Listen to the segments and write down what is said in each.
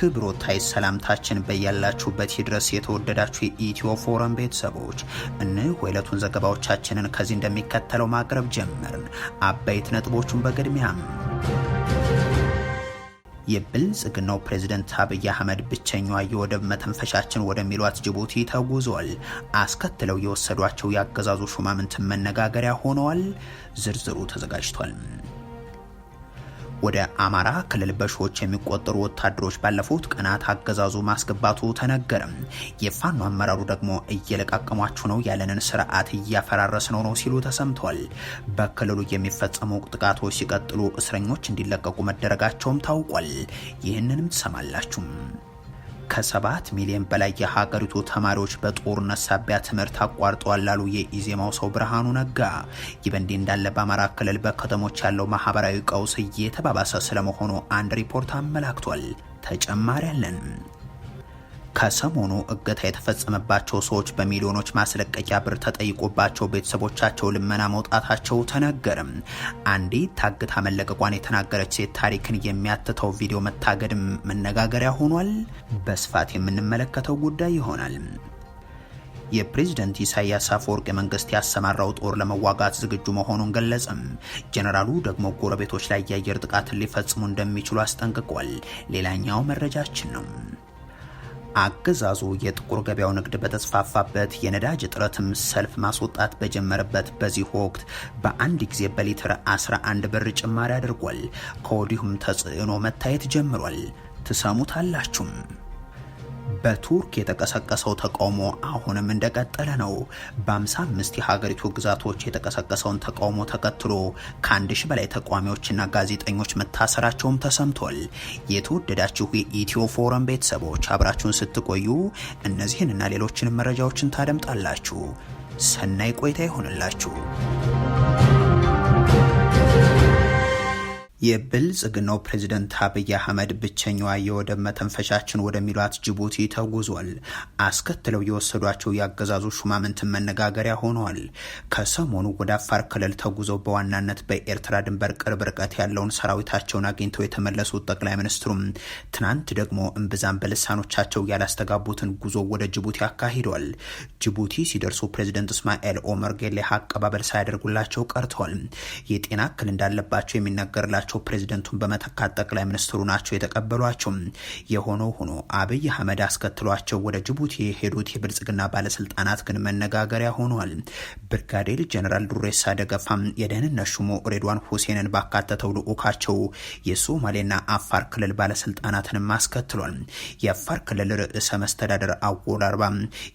ክብሮታይ ሰላምታችን በያላችሁበት ይድረስ። የተወደዳችሁ የኢትዮ ፎረም ቤተሰቦች እንህ የዕለቱን ዘገባዎቻችንን ከዚህ እንደሚከተለው ማቅረብ ጀመርን። አበይት ነጥቦቹን በቅድሚያም የብልጽግናው ፕሬዝደንት አብይ አህመድ ብቸኛዋ የወደብ መተንፈሻችን ወደሚሏት ጅቡቲ ተጉዟል። አስከትለው የወሰዷቸው የአገዛዙ ሹማምንትን መነጋገሪያ ሆነዋል። ዝርዝሩ ተዘጋጅቷል። ወደ አማራ ክልል በሺዎች የሚቆጠሩ ወታደሮች ባለፉት ቀናት አገዛዙ ማስገባቱ ተነገረም። የፋኖ አመራሩ ደግሞ እየለቃቀሟችሁ ነው ያለንን ስርዓት እያፈራረስ ነው ነው ሲሉ ተሰምተዋል። በክልሉ የሚፈጸሙ ጥቃቶች ሲቀጥሉ እስረኞች እንዲለቀቁ መደረጋቸውም ታውቋል። ይህንንም ትሰማላችሁም። ከሰባት ሚሊዮን በላይ የሀገሪቱ ተማሪዎች በጦርነት ሳቢያ ትምህርት አቋርጠዋል ላሉ የኢዜማው ሰው ብርሃኑ ነጋ። ይህ በእንዲህ እንዳለ በአማራ ክልል በከተሞች ያለው ማህበራዊ ቀውስ እየተባባሰ ስለመሆኑ አንድ ሪፖርት አመላክቷል። ተጨማሪ አለን። ከሰሞኑ እገታ የተፈጸመባቸው ሰዎች በሚሊዮኖች ማስለቀቂያ ብር ተጠይቆባቸው ቤተሰቦቻቸው ልመና መውጣታቸው ተነገርም። አንዲት ታግታ መለቀቋን የተናገረች ሴት ታሪክን የሚያትተው ቪዲዮ መታገድም መነጋገሪያ ሆኗል። በስፋት የምንመለከተው ጉዳይ ይሆናል። የፕሬዝደንት ኢሳያስ አፈወርቅ መንግስት ያሰማራው ጦር ለመዋጋት ዝግጁ መሆኑን ገለጸም። ጀነራሉ ደግሞ ጎረቤቶች ላይ የአየር ጥቃትን ሊፈጽሙ እንደሚችሉ አስጠንቅቋል። ሌላኛው መረጃችን ነው። አገዛዙ የጥቁር ገበያው ንግድ በተስፋፋበት የነዳጅ እጥረትም ሰልፍ ማስወጣት በጀመረበት በዚህ ወቅት በአንድ ጊዜ በሊትር 11 ብር ጭማሪ አድርጓል። ከወዲሁም ተጽዕኖ መታየት ጀምሯል። ትሰሙታላችሁም። በቱርክ የተቀሰቀሰው ተቃውሞ አሁንም እንደቀጠለ ነው። በ55 የሀገሪቱ ግዛቶች የተቀሰቀሰውን ተቃውሞ ተከትሎ ከአንድ ሺህ በላይ ተቃዋሚዎችና ጋዜጠኞች መታሰራቸውም ተሰምቷል። የተወደዳችሁ የኢትዮ ፎረም ቤተሰቦች አብራችሁን ስትቆዩ እነዚህን እና ሌሎችንም መረጃዎችን ታደምጣላችሁ። ሰናይ ቆይታ ይሆንላችሁ። የብልጽግናው ፕሬዚደንት አብይ አህመድ ብቸኛዋ የወደብ መተንፈሻችን ወደሚሏት ጅቡቲ ተጉዟል። አስከትለው የወሰዷቸው የአገዛዙ ሹማምንትን መነጋገሪያ ሆነዋል። ከሰሞኑ ወደ አፋር ክልል ተጉዘው በዋናነት በኤርትራ ድንበር ቅርብ ርቀት ያለውን ሰራዊታቸውን አግኝተው የተመለሱት ጠቅላይ ሚኒስትሩም ትናንት ደግሞ እምብዛም በልሳኖቻቸው ያላስተጋቡትን ጉዞ ወደ ጅቡቲ አካሂደዋል። ጅቡቲ ሲደርሱ ፕሬዚደንት እስማኤል ኦመር ጌሌ አቀባበል ሳያደርጉላቸው ቀርተዋል። የጤና እክል እንዳለባቸው የሚነገርላቸው ናቸው ፕሬዚደንቱን በመተካት ጠቅላይ ሚኒስትሩ ናቸው የተቀበሏቸው። የሆነ ሆኖ አብይ አህመድ አስከትሏቸው ወደ ጅቡቲ የሄዱት የብልጽግና ባለስልጣናት ግን መነጋገሪያ ሆኗል። ብርጋዴር ጀነራል ዱሬሳ ደገፋ የደህንነት ሹሙ ሬድዋን ሁሴንን ባካተተው ልዑካቸው የሶማሌና አፋር ክልል ባለስልጣናትንም አስከትሏል። የአፋር ክልል ርዕሰ መስተዳደር አወል አርባ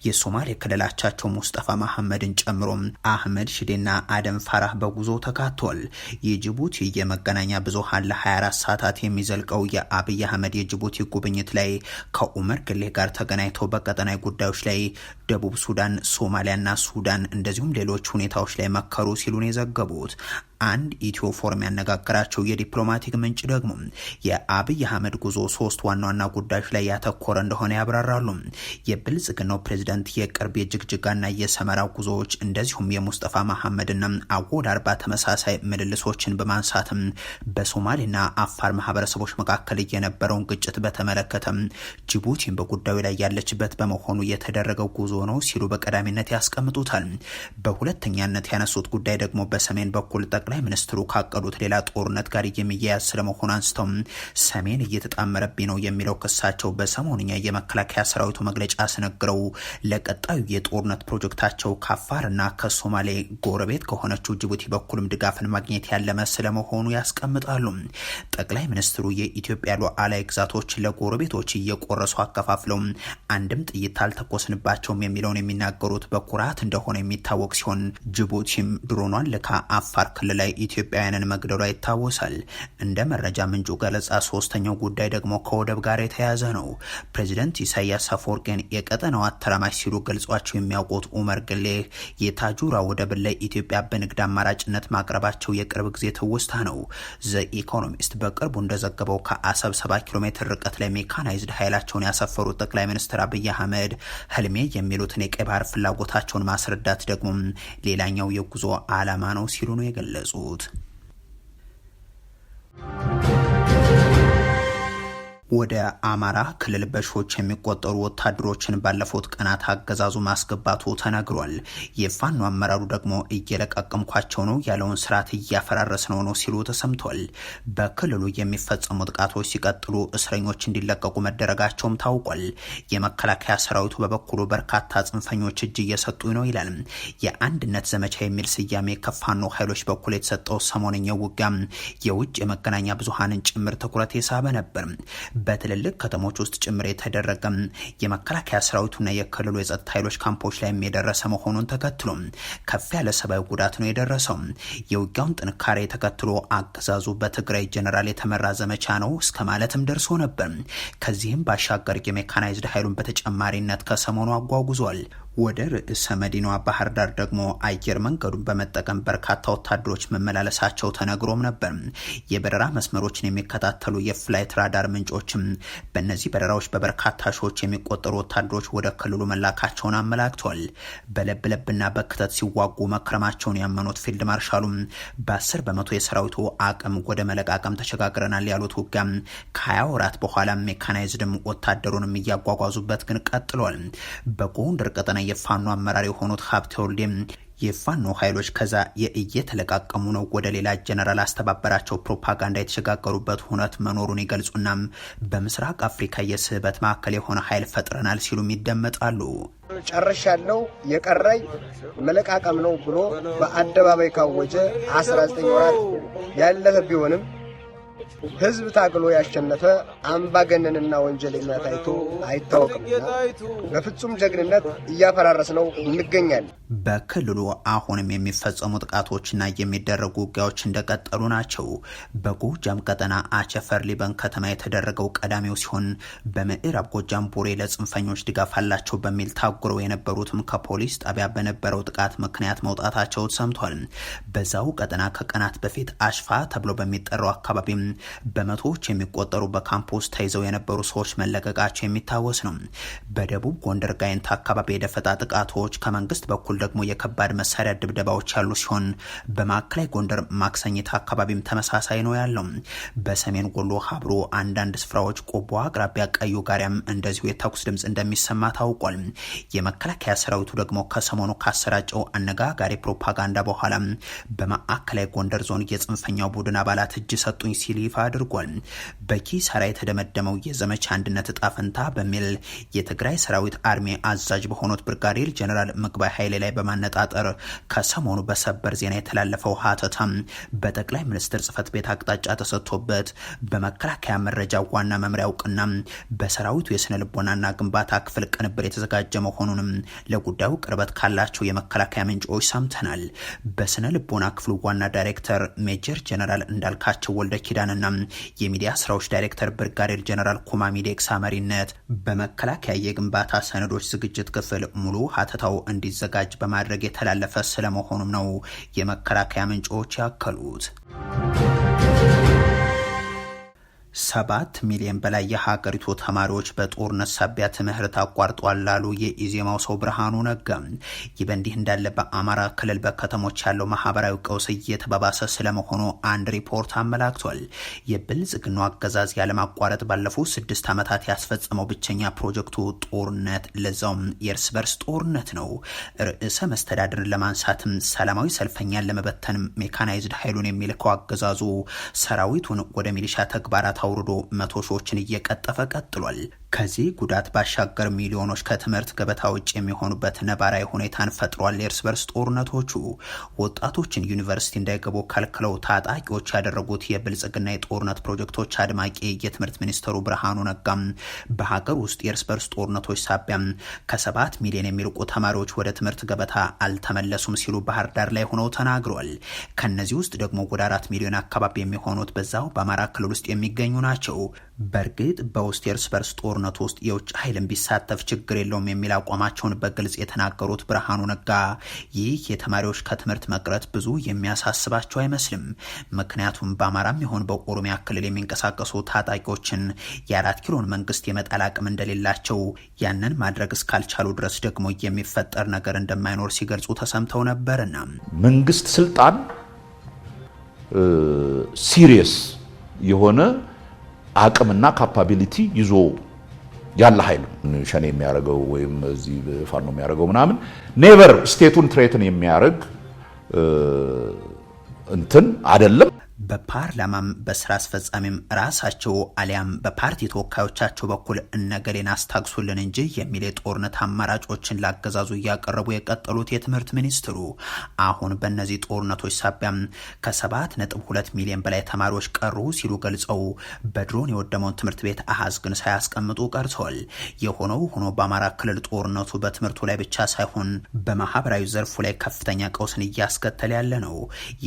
የሶማሌ ክልላቻቸው ሙስጠፋ መሐመድን ጨምሮ አህመድ ሽዴና አደም ፋራህ በጉዞ ተካቷል። የጅቡቲ የመገናኛ ብዙሃን ለ24 ሰዓታት የሚዘልቀው የአብይ አህመድ የጅቡቲ ጉብኝት ላይ ከኡመር ግሌህ ጋር ተገናኝተው በቀጠናዊ ጉዳዮች ላይ ደቡብ ሱዳን፣ ሶማሊያና ሱዳን እንደዚሁም ሌሎች ሁኔታዎች ላይ መከሩ ሲሉን የዘገቡት አንድ ኢትዮ ፎርም ያነጋገራቸው የዲፕሎማቲክ ምንጭ ደግሞ የአብይ አህመድ ጉዞ ሶስት ዋና ዋና ጉዳዮች ላይ ያተኮረ እንደሆነ ያብራራሉ። የብልጽግናው ፕሬዝደንት የቅርብ የጅግጅጋና የሰመራ ጉዞዎች እንደዚሁም የሙስጠፋ መሐመድና አወል አርባ ተመሳሳይ ምልልሶችን በማንሳትም በሶማሌና አፋር ማህበረሰቦች መካከል የነበረውን ግጭት በተመለከተ ጅቡቲን በጉዳዩ ላይ ያለችበት በመሆኑ የተደረገው ጉዞ ነው ሲሉ በቀዳሚነት ያስቀምጡታል። በሁለተኛነት ያነሱት ጉዳይ ደግሞ በሰሜን በኩል ጠቅላይ ሚኒስትሩ ካቀዱት ሌላ ጦርነት ጋር የሚያያዝ ስለመሆኑ አንስተው ሰሜን እየተጣመረብኝ ነው የሚለው ክሳቸው በሰሞንኛ የመከላከያ ሰራዊቱ መግለጫ አስነግረው ለቀጣዩ የጦርነት ፕሮጀክታቸው ከአፋርና ከሶማሌ ጎረቤት ከሆነችው ጅቡቲ በኩልም ድጋፍን ማግኘት ያለመ ስለመሆኑ ያስቀምጣሉ። ጠቅላይ ሚኒስትሩ የኢትዮጵያ ሉዓላዊ ግዛቶች ለጎረቤቶች እየቆረሱ አከፋፍለው አንድም ጥይት አልተኮስንባቸውም የሚለውን የሚናገሩት በኩራት እንደሆነ የሚታወቅ ሲሆን ጅቡቲም ድሮኗን ልካ አፋር ክልል ላይ ኢትዮጵያውያንን መግደሏ ይታወሳል። እንደ መረጃ ምንጩ ገለጻ ሶስተኛው ጉዳይ ደግሞ ከወደብ ጋር የተያያዘ ነው። ፕሬዚደንት ኢሳያስ አፈወርቂን የቀጠናው አተራማሽ ሲሉ ገልጿቸው የሚያውቁት ኡመር ግሌህ የታጁራ ወደብን ለኢትዮጵያ በንግድ አማራጭነት ማቅረባቸው የቅርብ ጊዜ ትውስታ ነው። ዘ ኢኮኖሚስት በቅርቡ እንደዘገበው ከአሰብ 7 ኪሎ ሜትር ርቀት ላይ ሜካናይዝድ ኃይላቸውን ያሰፈሩት ጠቅላይ ሚኒስትር አብይ አህመድ ህልሜ የሚሉትን የቀይ ባህር ፍላጎታቸውን ማስረዳት ደግሞ ሌላኛው የጉዞ አላማ ነው ሲሉ ነው የገለጹ old. ወደ አማራ ክልል በሺዎች የሚቆጠሩ ወታደሮችን ባለፉት ቀናት አገዛዙ ማስገባቱ ተነግሯል። የፋኖ አመራሩ ደግሞ እየለቀቀምኳቸው ነው ያለውን ስርዓት እያፈራረስ ነው ነው ሲሉ ተሰምቷል። በክልሉ የሚፈጸሙ ጥቃቶች ሲቀጥሉ እስረኞች እንዲለቀቁ መደረጋቸውም ታውቋል። የመከላከያ ሰራዊቱ በበኩሉ በርካታ ጽንፈኞች እጅ እየሰጡ ነው ይላል። የአንድነት ዘመቻ የሚል ስያሜ ከፋኖ ኃይሎች በኩል የተሰጠው ሰሞነኛው ውጊያ የውጭ የመገናኛ ብዙሃንን ጭምር ትኩረት የሳበ ነበር። በትልልቅ ከተሞች ውስጥ ጭምር የተደረገ የመከላከያ ሰራዊቱና የክልሉ የጸጥታ ኃይሎች ካምፖች ላይም የደረሰ መሆኑን ተከትሎ ከፍ ያለ ሰብአዊ ጉዳት ነው የደረሰው። የውጊያውን ጥንካሬ ተከትሎ አገዛዙ በትግራይ ጀኔራል የተመራ ዘመቻ ነው እስከ ማለትም ደርሶ ነበር። ከዚህም ባሻገር የሜካናይዝድ ኃይሉን በተጨማሪነት ከሰሞኑ አጓጉዟል። ወደ ርዕሰ መዲናዋ ባህር ዳር ደግሞ አየር መንገዱን በመጠቀም በርካታ ወታደሮች መመላለሳቸው ተነግሮም ነበር። የበረራ መስመሮችን የሚከታተሉ የፍላይት ራዳር ምንጮችም በእነዚህ በረራዎች በበርካታ ሺዎች የሚቆጠሩ ወታደሮች ወደ ክልሉ መላካቸውን አመላክቷል። በለብለብና በክተት ሲዋጉ መክረማቸውን ያመኑት ፊልድ ማርሻሉም በአስር በመቶ የሰራዊቱ አቅም ወደ መለቃቀም ተሸጋግረናል ያሉት ከ ከሀያ ወራት በኋላ ሜካናይዝድም ወታደሩንም እያጓጓዙበት ግን ቀጥሏል። በጎንደር ቀጠና የፋኖ አመራር የሆኑት ሀብቴ ወልዴም የፋኖ ኃይሎች ከዛ የእየተለቃቀሙ ነው ወደ ሌላ ጀነራል አስተባበራቸው ፕሮፓጋንዳ የተሸጋገሩበት ሁነት መኖሩን ይገልጹና በምስራቅ አፍሪካ የስህበት ማዕከል የሆነ ኃይል ፈጥረናል ሲሉም ይደመጣሉ። ጨርሽ ያለው የቀረኝ መለቃቀም ነው ብሎ በአደባባይ ካወጀ 19 ወራት ያለፈ ቢሆንም ህዝብ ታግሎ ያሸነፈ አምባገነንና ወንጀለኛ ታይቶ አይታወቅምና በፍጹም ጀግንነት እያፈራረስ ነው እንገኛለን። በክልሉ አሁንም የሚፈጸሙ ጥቃቶችና የሚደረጉ ውጊያዎች እንደቀጠሉ ናቸው። በጎጃም ቀጠና አቸፈር ሊበን ከተማ የተደረገው ቀዳሚው ሲሆን በምዕራብ ጎጃም ቡሬ ለጽንፈኞች ድጋፍ አላቸው በሚል ታጉረው የነበሩትም ከፖሊስ ጣቢያ በነበረው ጥቃት ምክንያት መውጣታቸው ሰምቷል። በዛው ቀጠና ከቀናት በፊት አሽፋ ተብሎ በሚጠራው አካባቢም በመቶዎች የሚቆጠሩ በካምፕ ውስጥ ተይዘው የነበሩ ሰዎች መለቀቃቸው የሚታወስ ነው። በደቡብ ጎንደር ጋይንት አካባቢ የደፈጣ ጥቃቶች፣ ከመንግስት በኩል ደግሞ የከባድ መሳሪያ ድብደባዎች ያሉ ሲሆን በማዕከላዊ ጎንደር ማክሰኝት አካባቢም ተመሳሳይ ነው ያለው። በሰሜን ወሎ ሀብሮ አንዳንድ ስፍራዎች፣ ቆቦ አቅራቢያ ቀዩ ጋሪያም እንደዚሁ የተኩስ ድምፅ እንደሚሰማ ታውቋል። የመከላከያ ሰራዊቱ ደግሞ ከሰሞኑ ካሰራጨው አነጋጋሪ ፕሮፓጋንዳ በኋላ በማዕከላዊ ጎንደር ዞን የጽንፈኛው ቡድን አባላት እጅ ሰጡኝ ሲል ይፋ አድርጓል። በኪሳራ የተደመደመው የዘመቻ አንድነት እጣ ፈንታ በሚል የትግራይ ሰራዊት አርሜ አዛዥ በሆኑት ብርጋዴር ጀነራል ምግባይ ኃይሌ ላይ በማነጣጠር ከሰሞኑ በሰበር ዜና የተላለፈው ሀተታ በጠቅላይ ሚኒስትር ጽህፈት ቤት አቅጣጫ ተሰጥቶበት በመከላከያ መረጃ ዋና መምሪያ እውቅና በሰራዊቱ የስነ ልቦናና ግንባታ ክፍል ቅንብር የተዘጋጀ መሆኑንም ለጉዳዩ ቅርበት ካላቸው የመከላከያ ምንጮች ሰምተናል። በስነ ልቦና ክፍሉ ዋና ዳይሬክተር ሜጀር ጀነራል እንዳልካቸው ወልደ ኪዳን ዋና የሚዲያ ስራዎች ዳይሬክተር ብርጋዴር ጀነራል ኩማ ሚዴቅሳ መሪነት በመከላከያ የግንባታ ሰነዶች ዝግጅት ክፍል ሙሉ ሀተታው እንዲዘጋጅ በማድረግ የተላለፈ ስለመሆኑም ነው የመከላከያ ምንጮች ያከሉት። ሰባት ሚሊዮን በላይ የሀገሪቱ ተማሪዎች በጦርነት ሳቢያ ትምህርት አቋርጧል ላሉ የኢዜማው ሰው ብርሃኑ ነጋ። ይህ በእንዲህ እንዳለ በአማራ ክልል በከተሞች ያለው ማህበራዊ ቀውስ እየተባባሰ ስለመሆኑ አንድ ሪፖርት አመላክቷል። የብልጽግናው አገዛዝ ያለማቋረጥ ባለፉት ስድስት ዓመታት ያስፈጸመው ብቸኛ ፕሮጀክቱ ጦርነት፣ ለዛውም የእርስ በርስ ጦርነት ነው። ርዕሰ መስተዳድርን ለማንሳትም ሰላማዊ ሰልፈኛን ለመበተን ሜካናይዝድ ኃይሉን የሚልከው አገዛዙ ሰራዊቱን ወደ ሚሊሻ ተግባራት አውርዶ መቶ ሺዎችን እየቀጠፈ ቀጥሏል። ከዚህ ጉዳት ባሻገር ሚሊዮኖች ከትምህርት ገበታ ውጭ የሚሆኑበት ነባራዊ ሁኔታን ፈጥሯል። የእርስ በርስ ጦርነቶቹ ወጣቶችን ዩኒቨርሲቲ እንዳይገቡ ከልክለው ታጣቂዎች ያደረጉት የብልጽግና የጦርነት ፕሮጀክቶች አድማቂ የትምህርት ሚኒስትሩ ብርሃኑ ነጋም በሀገር ውስጥ የእርስ በርስ ጦርነቶች ሳቢያም ከሰባት ሚሊዮን የሚልቁ ተማሪዎች ወደ ትምህርት ገበታ አልተመለሱም ሲሉ ባህር ዳር ላይ ሆነው ተናግሯል። ከነዚህ ውስጥ ደግሞ ወደ አራት ሚሊዮን አካባቢ የሚሆኑት በዛው በአማራ ክልል ውስጥ የሚገኙ ናቸው። በእርግጥ በውስጥ የእርስ በርስ ጦርነት ውስጥ የውጭ ኃይልን ቢሳተፍ ችግር የለውም የሚል አቋማቸውን በግልጽ የተናገሩት ብርሃኑ ነጋ ይህ የተማሪዎች ከትምህርት መቅረት ብዙ የሚያሳስባቸው አይመስልም። ምክንያቱም በአማራም ሆን በኦሮሚያ ክልል የሚንቀሳቀሱ ታጣቂዎችን የአራት ኪሎን መንግስት የመጣል አቅም እንደሌላቸው፣ ያንን ማድረግ እስካልቻሉ ድረስ ደግሞ የሚፈጠር ነገር እንደማይኖር ሲገልጹ ተሰምተው ነበርና መንግስት ስልጣን ሲሪየስ የሆነ አቅምና ካፓቢሊቲ ይዞ ያለ ኃይል ሸኔ የሚያደርገው ወይም እዚህ ፋኖ የሚያደርገው ምናምን ኔቨር ስቴቱን ትሬትን የሚያደርግ እንትን አይደለም። በፓርላማም በስራ አስፈጻሚም ራሳቸው አሊያም በፓርቲ ተወካዮቻቸው በኩል እነገሌን አስታግሱልን እንጂ የሚል የጦርነት አማራጮችን ላገዛዙ እያቀረቡ የቀጠሉት የትምህርት ሚኒስትሩ አሁን በእነዚህ ጦርነቶች ሳቢያም ከሰባት ነጥብ ሁለት ሚሊዮን በላይ ተማሪዎች ቀሩ ሲሉ ገልጸው በድሮን የወደመውን ትምህርት ቤት አሃዝ ግን ሳያስቀምጡ ቀርተዋል። የሆነው ሆኖ በአማራ ክልል ጦርነቱ በትምህርቱ ላይ ብቻ ሳይሆን በማህበራዊ ዘርፉ ላይ ከፍተኛ ቀውስን እያስከተለ ያለ ነው።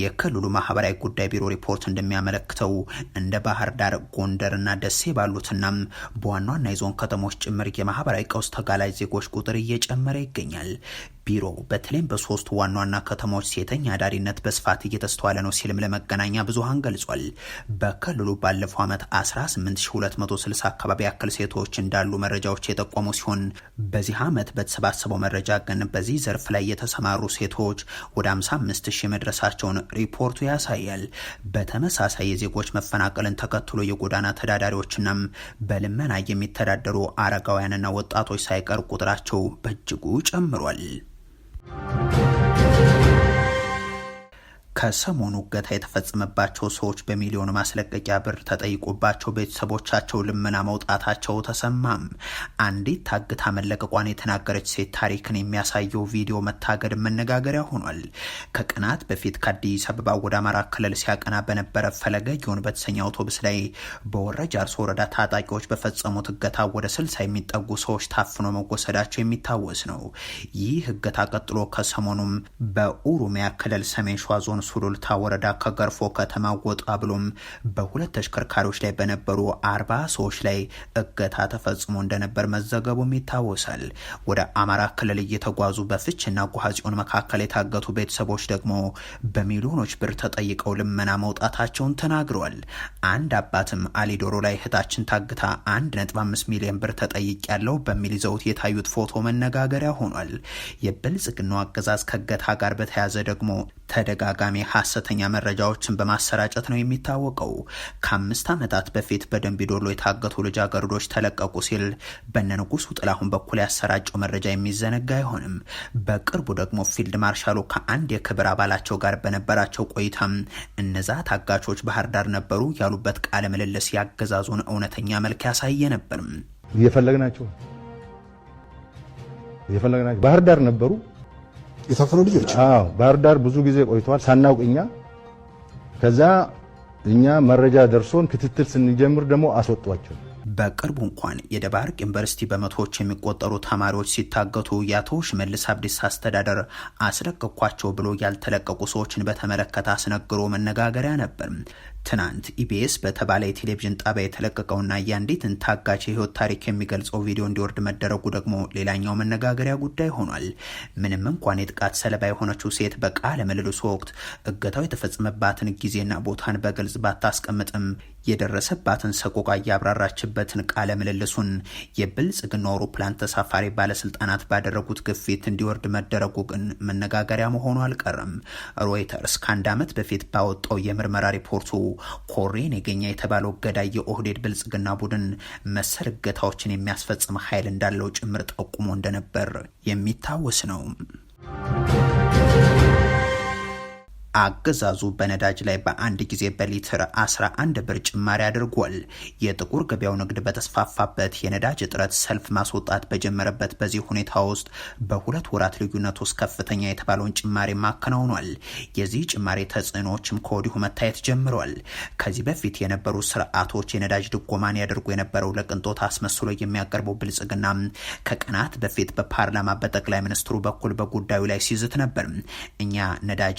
የክልሉ ማህበራዊ ጉዳይ ቢሮ ሪፖርት እንደሚያመለክተው እንደ ባህር ዳር፣ ጎንደርና ደሴ ባሉትና በዋና ዋና የዞን ከተሞች ጭምር የማህበራዊ ቀውስ ተጋላጭ ዜጎች ቁጥር እየጨመረ ይገኛል። ቢሮው በተለይም በሶስት ዋና ዋና ከተሞች ሴተኛ አዳሪነት በስፋት እየተስተዋለ ነው ሲልም ለመገናኛ ብዙሃን ገልጿል። በክልሉ ባለፈው ዓመት 18260 አካባቢ ያክል ሴቶች እንዳሉ መረጃዎች የጠቆሙ ሲሆን በዚህ ዓመት በተሰባሰበው መረጃ ግን በዚህ ዘርፍ ላይ የተሰማሩ ሴቶች ወደ 55000 ሺህ መድረሳቸውን ሪፖርቱ ያሳያል። በተመሳሳይ የዜጎች መፈናቀልን ተከትሎ የጎዳና ተዳዳሪዎችናም በልመና የሚተዳደሩ አረጋውያንና ወጣቶች ሳይቀር ቁጥራቸው በእጅጉ ጨምሯል። thank you ከሰሞኑ እገታ የተፈጸመባቸው ሰዎች በሚሊዮን ማስለቀቂያ ብር ተጠይቆባቸው ቤተሰቦቻቸው ልመና መውጣታቸው ተሰማም። አንዲት ታግታ መለቀቋን የተናገረች ሴት ታሪክን የሚያሳየው ቪዲዮ መታገድ መነጋገሪያ ሆኗል። ከቀናት በፊት ከአዲስ አበባ ወደ አማራ ክልል ሲያቀና በነበረ ፈለገ ጊዮን በተሰኘ አውቶቡስ ላይ በወረ አርሶ ወረዳ ታጣቂዎች በፈጸሙት እገታ ወደ ስልሳ የሚጠጉ ሰዎች ታፍኖ መወሰዳቸው የሚታወስ ነው። ይህ እገታ ቀጥሎ ከሰሞኑም በኦሮሚያ ክልል ሰሜን ሸዋ ዞን ሱሉልታ ወረዳ ከገርፎ ከተማ ወጣ ብሎም በሁለት ተሽከርካሪዎች ላይ በነበሩ አርባ ሰዎች ላይ እገታ ተፈጽሞ እንደነበር መዘገቡም ይታወሳል። ወደ አማራ ክልል እየተጓዙ በፍችና ጉሃጽዮን መካከል የታገቱ ቤተሰቦች ደግሞ በሚሊዮኖች ብር ተጠይቀው ልመና መውጣታቸውን ተናግረዋል። አንድ አባትም አሊዶሮ ላይ እህታችን ታግታ 1.5 ሚሊዮን ብር ተጠይቅ ያለው በሚል ይዘውት የታዩት ፎቶ መነጋገሪያ ሆኗል። የብልጽግናው አገዛዝ ከእገታ ጋር በተያያዘ ደግሞ ተደጋጋሚ ሀሰተኛ መረጃዎችን በማሰራጨት ነው የሚታወቀው። ከአምስት ዓመታት በፊት በደንቢዶሎ የታገቱ ልጃገረዶች ተለቀቁ ሲል በነንጉሱ ጥላሁን በኩል ያሰራጨው መረጃ የሚዘነጋ አይሆንም። በቅርቡ ደግሞ ፊልድ ማርሻሉ ከአንድ የክብር አባላቸው ጋር በነበራቸው ቆይታም እነዛ ታጋቾች ባህር ዳር ነበሩ ያሉበት ቃለ ምልልስ ያገዛዙን እውነተኛ መልክ ያሳየ ነበርም። እየፈለግናቸው እየፈለግናቸው ባህር ዳር ነበሩ የታፈኑ ልጆች አዎ፣ ባህር ዳር ብዙ ጊዜ ቆይተዋል ሳናውቅ እኛ። ከዛ እኛ መረጃ ደርሶን ክትትል ስንጀምር ደግሞ አስወጧቸው። በቅርቡ እንኳን የደባርቅ ዩኒቨርሲቲ በመቶዎች የሚቆጠሩ ተማሪዎች ሲታገቱ የአቶ ሽመልስ አብዲስ አስተዳደር አስለቀኳቸው ብሎ ያልተለቀቁ ሰዎችን በተመለከተ አስነግሮ መነጋገሪያ ነበር። ትናንት ኢቢኤስ በተባለ የቴሌቪዥን ጣቢያ የተለቀቀውና የአንዲትን ታጋች የህይወት ታሪክ የሚገልጸው ቪዲዮ እንዲወርድ መደረጉ ደግሞ ሌላኛው መነጋገሪያ ጉዳይ ሆኗል። ምንም እንኳን የጥቃት ሰለባ የሆነችው ሴት በቃለ ምልልሱ ወቅት እገታው የተፈጸመባትን ጊዜና ቦታን በግልጽ ባታስቀምጥም የደረሰባትን ሰቆቃ እያብራራችበትን ቃለ ምልልሱን የብልጽግና አውሮፕላን ተሳፋሪ ባለስልጣናት ባደረጉት ግፊት እንዲወርድ መደረጉ ግን መነጋገሪያ መሆኑ አልቀረም። ሮይተርስ ከአንድ ዓመት በፊት ባወጣው የምርመራ ሪፖርቱ ኮሬን የገኛ የተባለው ገዳይ የኦህዴድ ብልጽግና ቡድን መሰል እገታዎችን የሚያስፈጽም ኃይል እንዳለው ጭምር ጠቁሞ እንደነበር የሚታወስ ነው። አገዛዙ በነዳጅ ላይ በአንድ ጊዜ በሊትር 11 ብር ጭማሪ አድርጓል። የጥቁር ገበያው ንግድ በተስፋፋበት የነዳጅ እጥረት ሰልፍ ማስወጣት በጀመረበት በዚህ ሁኔታ ውስጥ በሁለት ወራት ልዩነት ውስጥ ከፍተኛ የተባለውን ጭማሪ ማከናውኗል። የዚህ ጭማሪ ተጽዕኖዎችም ከወዲሁ መታየት ጀምረል። ከዚህ በፊት የነበሩ ስርዓቶች የነዳጅ ድጎማን ያደርጉ የነበረው ለቅንጦት አስመስሎ የሚያቀርበው ብልጽግና ከቀናት በፊት በፓርላማ በጠቅላይ ሚኒስትሩ በኩል በጉዳዩ ላይ ሲዝት ነበር። እኛ ነዳጅ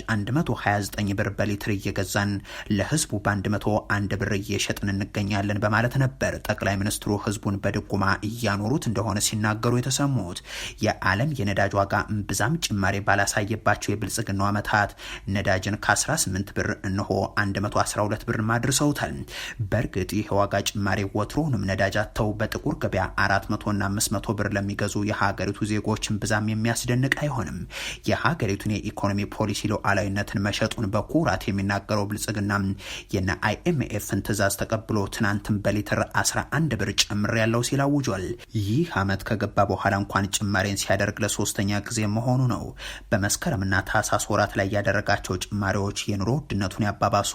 29 ብር በሊትር እየገዛን ለህዝቡ በ101 ብር እየሸጥን እንገኛለን በማለት ነበር ጠቅላይ ሚኒስትሩ ህዝቡን በድጎማ እያኖሩት እንደሆነ ሲናገሩ የተሰሙት። የዓለም የነዳጅ ዋጋ እምብዛም ጭማሪ ባላሳየባቸው የብልጽግናው ዓመታት ነዳጅን ከ18 ብር እንሆ 112 ብር ማድርሰውታል። በእርግጥ ይህ ዋጋ ጭማሪ ወትሮውንም ነዳጅ አጥተው በጥቁር ገበያ 400ና 500 ብር ለሚገዙ የሀገሪቱ ዜጎችን ብዛም የሚያስደንቅ አይሆንም። የሀገሪቱን የኢኮኖሚ ፖሊሲ ሉዓላዊነትን መሸጡን በኩራት የሚናገረው ብልጽግና የነ አይኤምኤፍን ትዕዛዝ ተቀብሎ ትናንትን በሊትር 11 ብር ጨምር ያለው ሲል አውጇል። ይህ አመት ከገባ በኋላ እንኳን ጭማሬን ሲያደርግ ለሶስተኛ ጊዜ መሆኑ ነው። በመስከረምና ታህሳስ ወራት ላይ ያደረጋቸው ጭማሪዎች የኑሮ ውድነቱን ያባባሱ፣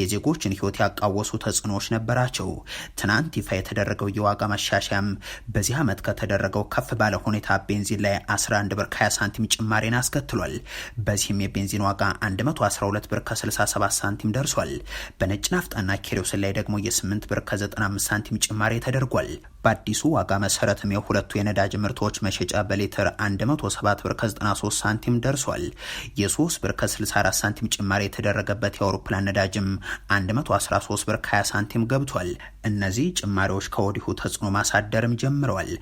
የዜጎችን ህይወት ያቃወሱ ተጽዕኖዎች ነበራቸው። ትናንት ይፋ የተደረገው የዋጋ መሻሻያም በዚህ ዓመት ከተደረገው ከፍ ባለ ሁኔታ ቤንዚን ላይ 11 ብር ከ20 ሳንቲም ጭማሬን አስከትሏል። በዚህም የቤንዚን ዋጋ 112 ብር ከ67 ሳንቲም ደርሷል። በነጭ ናፍጣና ኪሮሲን ላይ ደግሞ የ8 ብር ከ95 ሳንቲም ጭማሪ ተደርጓል። በአዲሱ ዋጋ መሰረትም የሁለቱ የነዳጅ ምርቶች መሸጫ በሊትር 107 ብር ከ93 ሳንቲም ደርሷል። የ3 ብር ከ64 ሳንቲም ጭማሪ የተደረገበት የአውሮፕላን ነዳጅም 113 ብር ከ20 ሳንቲም ገብቷል። እነዚህ ጭማሪዎች ከወዲሁ ተጽዕኖ ማሳደርም ጀምረዋል።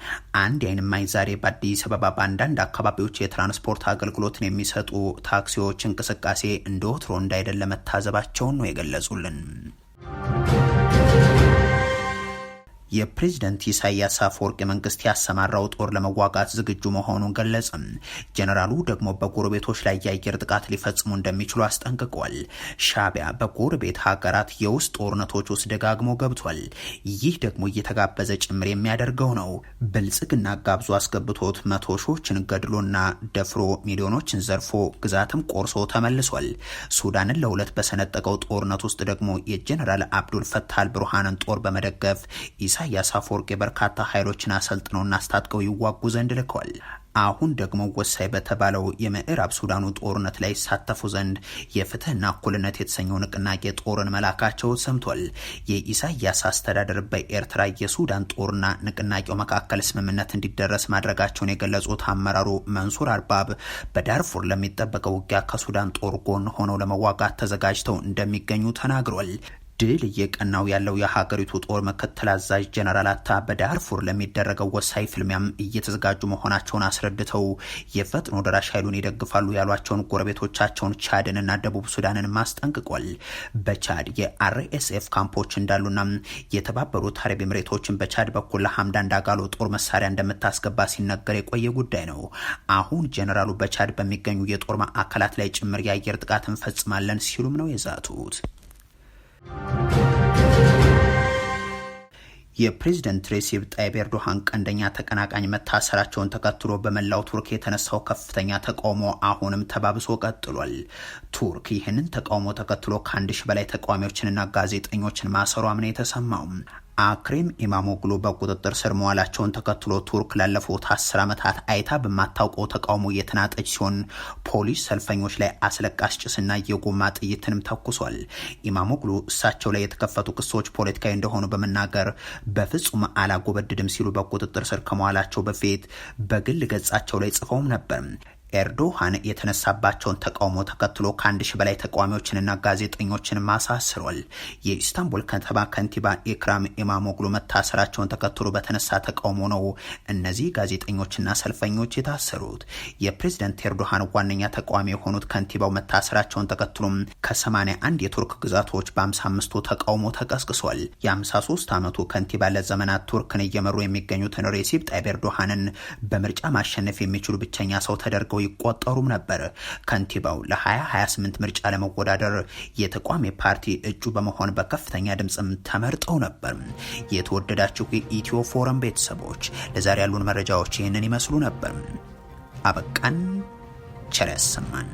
አንድ የአይን እማኝ ዛሬ በአዲስ አበባ በአንዳንድ አካባቢዎች የትራንስፖርት አገልግሎትን የሚሰጡ ታክሲዎች እንቅስቃሴ እንደ ወትሮ እንዳይደለ መታዘባቸውን ነው የገለጹልን። የፕሬዝደንት ኢሳያስ አፈወርቂ መንግስት ያሰማራው ጦር ለመዋጋት ዝግጁ መሆኑን ገለጽም። ጀነራሉ ደግሞ በጎረቤቶች ላይ የአየር ጥቃት ሊፈጽሙ እንደሚችሉ አስጠንቅቋል። ሻቢያ በጎረቤት ሀገራት የውስጥ ጦርነቶች ውስጥ ደጋግሞ ገብቷል። ይህ ደግሞ እየተጋበዘ ጭምር የሚያደርገው ነው። ብልጽግና ጋብዞ አስገብቶት መቶ ሺዎችን ገድሎና ደፍሮ ሚሊዮኖችን ዘርፎ ግዛትም ቆርሶ ተመልሷል። ሱዳንን ለሁለት በሰነጠቀው ጦርነት ውስጥ ደግሞ የጀነራል አብዱል ፈታል ብርሃንን ጦር በመደገፍ ኢሳ ኢሳያስ አፈወርቅ የበርካታ ኃይሎችን አሰልጥነውና አስታጥቀው ይዋጉ ዘንድ ልከዋል። አሁን ደግሞ ወሳኝ በተባለው የምዕራብ ሱዳኑ ጦርነት ላይ ይሳተፉ ዘንድ የፍትህና እኩልነት የተሰኘው ንቅናቄ ጦርን መላካቸው ሰምቷል። የኢሳያስ አስተዳደር በኤርትራ የሱዳን ጦርና ንቅናቄው መካከል ስምምነት እንዲደረስ ማድረጋቸውን የገለጹት አመራሩ መንሱር አርባብ በዳርፉር ለሚጠበቀው ውጊያ ከሱዳን ጦር ጎን ሆነው ለመዋጋት ተዘጋጅተው እንደሚገኙ ተናግሯል። ድል እየቀናው ያለው የሀገሪቱ ጦር ምክትል አዛዥ ጀነራል አታ በዳርፉር ለሚደረገው ወሳኝ ፍልሚያም እየተዘጋጁ መሆናቸውን አስረድተው የፈጥኖ ደራሽ ኃይሉን ይደግፋሉ ያሏቸውን ጎረቤቶቻቸውን ቻድንና ደቡብ ሱዳንን ማስጠንቅቋል። በቻድ የአርኤስኤፍ ካምፖች እንዳሉና የተባበሩት አረብ ኤምሬቶችን በቻድ በኩል ለሐምዳን ዳጋሎ ጦር መሳሪያ እንደምታስገባ ሲነገር የቆየ ጉዳይ ነው። አሁን ጀነራሉ በቻድ በሚገኙ የጦር ማዕከላት ላይ ጭምር የአየር ጥቃት እንፈጽማለን ሲሉም ነው የዛቱት። የፕሬዝደንት ሬሲፕ ጣይብ ኤርዶሃን ቀንደኛ ተቀናቃኝ መታሰራቸውን ተከትሎ በመላው ቱርክ የተነሳው ከፍተኛ ተቃውሞ አሁንም ተባብሶ ቀጥሏል። ቱርክ ይህንን ተቃውሞ ተከትሎ ከአንድ ሺህ በላይ ተቃዋሚዎችንና ጋዜጠኞችን ማሰሯም ነው የተሰማው። አክሬም ኢማሞግሎ በቁጥጥር ስር መዋላቸውን ተከትሎ ቱርክ ላለፉት አስር ዓመታት አይታ በማታውቀው ተቃውሞ እየተናጠች ሲሆን ፖሊስ ሰልፈኞች ላይ አስለቃስ ጭስና የጎማ ጥይትንም ተኩሷል። ኢማሞግሎ እሳቸው ላይ የተከፈቱ ክሶች ፖለቲካዊ እንደሆኑ በመናገር በፍጹም አላጎበድድም ሲሉ በቁጥጥር ስር ከመዋላቸው በፊት በግል ገጻቸው ላይ ጽፈውም ነበር። ኤርዶሃን የተነሳባቸውን ተቃውሞ ተከትሎ ከአንድ ሺህ በላይ ተቃዋሚዎችንና ጋዜጠኞችን ማሳስሯል። የኢስታንቡል ከተማ ከንቲባ ኢክራም ኢማሞግሉ መታሰራቸውን ተከትሎ በተነሳ ተቃውሞ ነው እነዚህ ጋዜጠኞችና ሰልፈኞች የታሰሩት። የፕሬዝደንት ኤርዶሃን ዋነኛ ተቃዋሚ የሆኑት ከንቲባው መታሰራቸውን ተከትሎም ከ81 የቱርክ ግዛቶች በ55ቱ ተቃውሞ ተቀስቅሷል። የ53 ዓመቱ ከንቲባ ለዘመናት ቱርክን እየመሩ የሚገኙትን ሬሲፕ ጣይብ ኤርዶሃንን በምርጫ ማሸነፍ የሚችሉ ብቸኛ ሰው ተደርገው ይቆጠሩም ነበር። ከንቲባው ለ2028 ምርጫ ለመወዳደር የተቋሚ ፓርቲ እጩ በመሆን በከፍተኛ ድምፅም ተመርጠው ነበር። የተወደዳችሁ የኢትዮ ፎረም ቤተሰቦች ለዛሬ ያሉን መረጃዎች ይህንን ይመስሉ ነበር። አበቃን። ቸር ያሰማን።